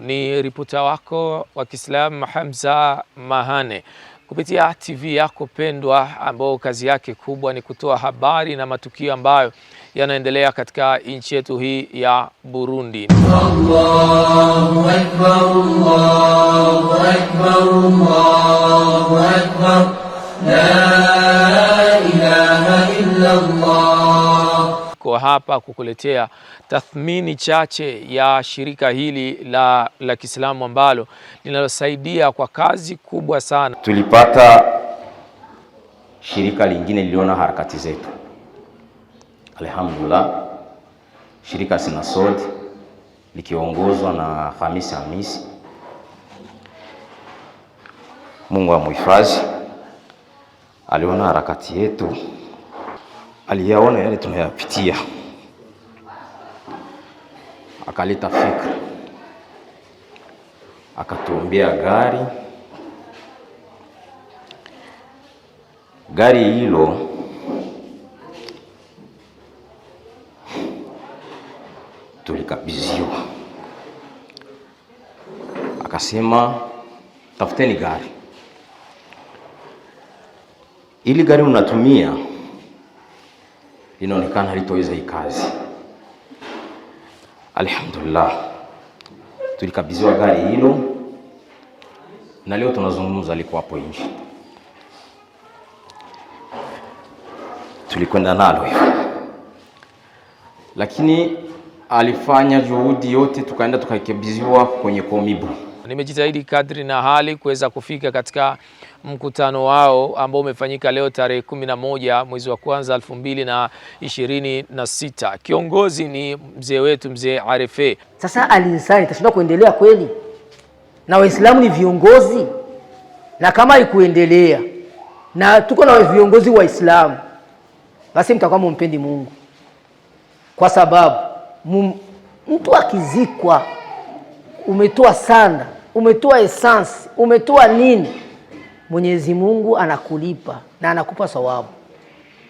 ni ripota wako wa Kiislamu Hamza Mahane kupitia TV yako pendwa, ambao kazi yake kubwa ni kutoa habari na matukio ambayo yanaendelea katika nchi yetu hii ya Burundi. Allahu Akbar, Allahu Akbar, Allahu Akbar, la ilaha illa Allah niko hapa kukuletea tathmini chache ya shirika hili la, la Kiislamu ambalo linalosaidia kwa kazi kubwa sana. Tulipata shirika lingine liliona harakati zetu, alhamdulillah. Shirika Sinasod likiongozwa na Hamisi Hamisi, Mungu amhifadhi, aliona harakati yetu aliyaona yale tunayapitia, akaleta fikra, akatuombea gari gari hilo tulikabidhiwa, akasema tafuteni gari, ili gari unatumia linaonekana litoweza hii kazi. Alhamdulillah, tulikabidhiwa gari hilo na leo tunazungumza, liko hapo nje, tulikwenda nalo hivyo, lakini alifanya juhudi yote, tukaenda tukakabidhiwa kwenye Komibu nimejitahidi kadri na hali kuweza kufika katika mkutano wao ambao umefanyika leo tarehe 11 mwezi wa kwanza elfu mbili na ishirini na sita. Kiongozi ni mzee wetu mzee Arefe. Sasa alinsani insan itashindwa kuendelea kweli? Na Waislamu ni viongozi, na kama haikuendelea na tuko na viongozi Waislamu, basi mtakuwa mumpendi Mungu kwa sababu mtu akizikwa umetoa sanda umetoa essence, umetoa nini, Mwenyezi Mungu anakulipa na anakupa sawabu,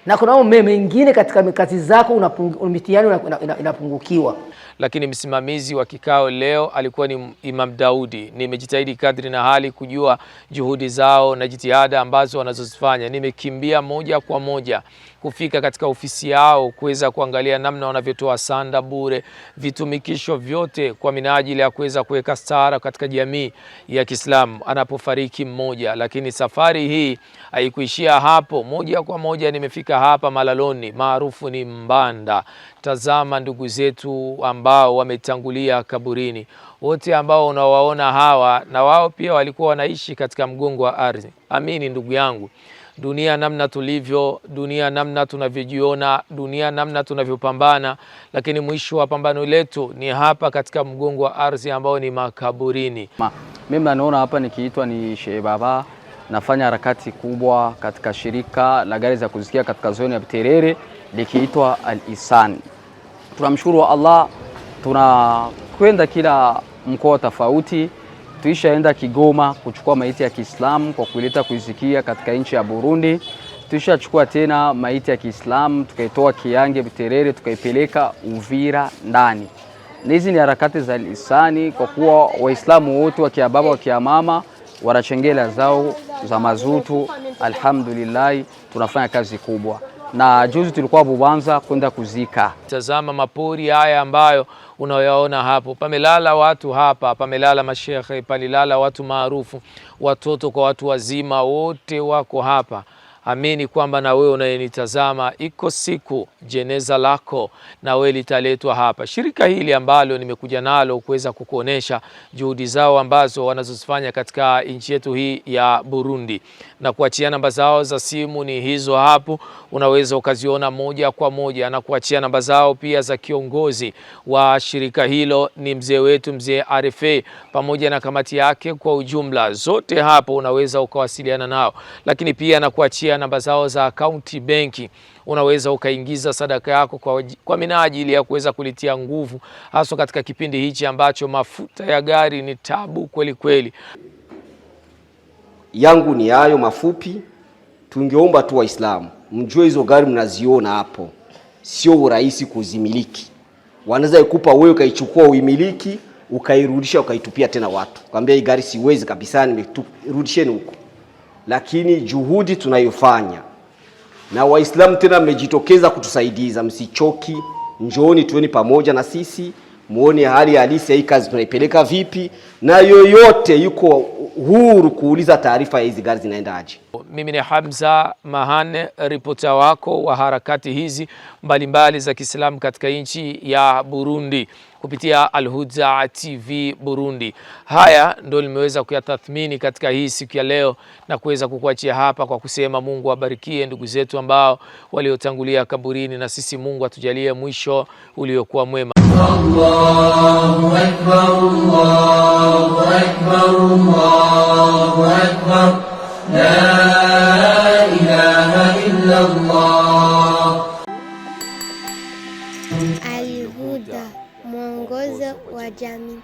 Na kuna mambo mengine katika kazi zako mitihani inapungukiwa. Lakini msimamizi wa kikao leo alikuwa ni Imam Daudi. Nimejitahidi kadri na hali kujua juhudi zao na jitihada ambazo wanazozifanya. Nimekimbia moja kwa moja kufika katika ofisi yao kuweza kuangalia namna wanavyotoa sanda bure, vitumikisho vyote kwa minajili ya kuweza kuweka stara katika jamii ya Kiislamu anapofariki mmoja. Lakini safari hii haikuishia hapo. Moja kwa moja nimefika hapa Malaloni, maarufu ni Mbanda. Tazama ndugu zetu ambao wametangulia kaburini, wote ambao unawaona hawa, na wao pia walikuwa wanaishi katika mgongo wa ardhi. Amini ndugu yangu dunia namna tulivyo, dunia namna tunavyojiona, dunia namna tunavyopambana, lakini mwisho wa pambano letu ni hapa katika mgongo wa ardhi ambao ni makaburini. Ma, mimi naona hapa nikiitwa ni Shehe Baba, nafanya harakati kubwa katika shirika la gari za kuzikia katika zoni ya Terere likiitwa Al Ihsan. Tunamshukuru Allah, tunakwenda kila mkoa tofauti tuishaenda Kigoma kuchukua maiti ya Kiislamu kwa kuileta kuizikia katika nchi ya Burundi. Tuishachukua tena maiti ya Kiislamu tukaitoa Kiange Buterere tukaipeleka Uvira ndani. hizi ni harakati za lisani kwa kuwa Waislamu wote wa kiababa wa kiamama wanachengela zao za mazutu. Alhamdulillah, tunafanya kazi kubwa na juzi tulikuwa Bubanza kwenda kuzika. Tazama mapori haya ambayo unayoona hapo, pamelala watu hapa, pamelala mashehe, palilala watu maarufu, watoto kwa watu wazima, wote wako hapa. Amini kwamba na wewe unayenitazama, iko siku jeneza lako na wewe litaletwa hapa. Shirika hili ambalo nimekuja nalo kuweza kukuonesha juhudi zao ambazo wanazozifanya katika nchi yetu hii ya Burundi, na kuachia namba zao za simu ni hizo hapo, unaweza ukaziona moja kwa moja, na kuachia namba zao pia za kiongozi wa shirika hilo, ni mzee wetu mzee RFA pamoja na kamati yake kwa ujumla, zote hapo unaweza ukawasiliana nao, lakini pia nakuachia namba zao za akaunti benki, unaweza ukaingiza sadaka yako kwa, kwa minajili ya kuweza kulitia nguvu, haswa katika kipindi hichi ambacho mafuta ya gari ni tabu kweli kweli. Yangu ni hayo mafupi. Tungeomba tu Waislamu mjue hizo gari mnaziona hapo, sio urahisi kuzimiliki. Wanaweza ikupa wewe ukaichukua uimiliki, ukairudisha ukaitupia tena watu, kwambia hii gari siwezi kabisa, nimerudisheni huko lakini juhudi tunayofanya na Waislamu tena mmejitokeza kutusaidiza, msichoki, njooni tuweni pamoja na sisi muone hali halisi ya hii kazi tunaipeleka vipi, na yoyote yuko huru kuuliza taarifa ya hizi gari zinaendaje. Mimi ni Hamza Mahane, ripota wako wa harakati hizi mbalimbali mbali za Kiislamu katika nchi ya Burundi kupitia Alhuda TV Burundi. Haya ndio limeweza kuyatathmini katika hii siku ya leo na kuweza kukuachia hapa kwa kusema Mungu abarikie ndugu zetu ambao waliotangulia kaburini, na sisi Mungu atujalie mwisho uliokuwa mwema. Allahu Akbar, Allahu Akbar, Allahu Akbar, la ilaha illa Allah. Benjamin.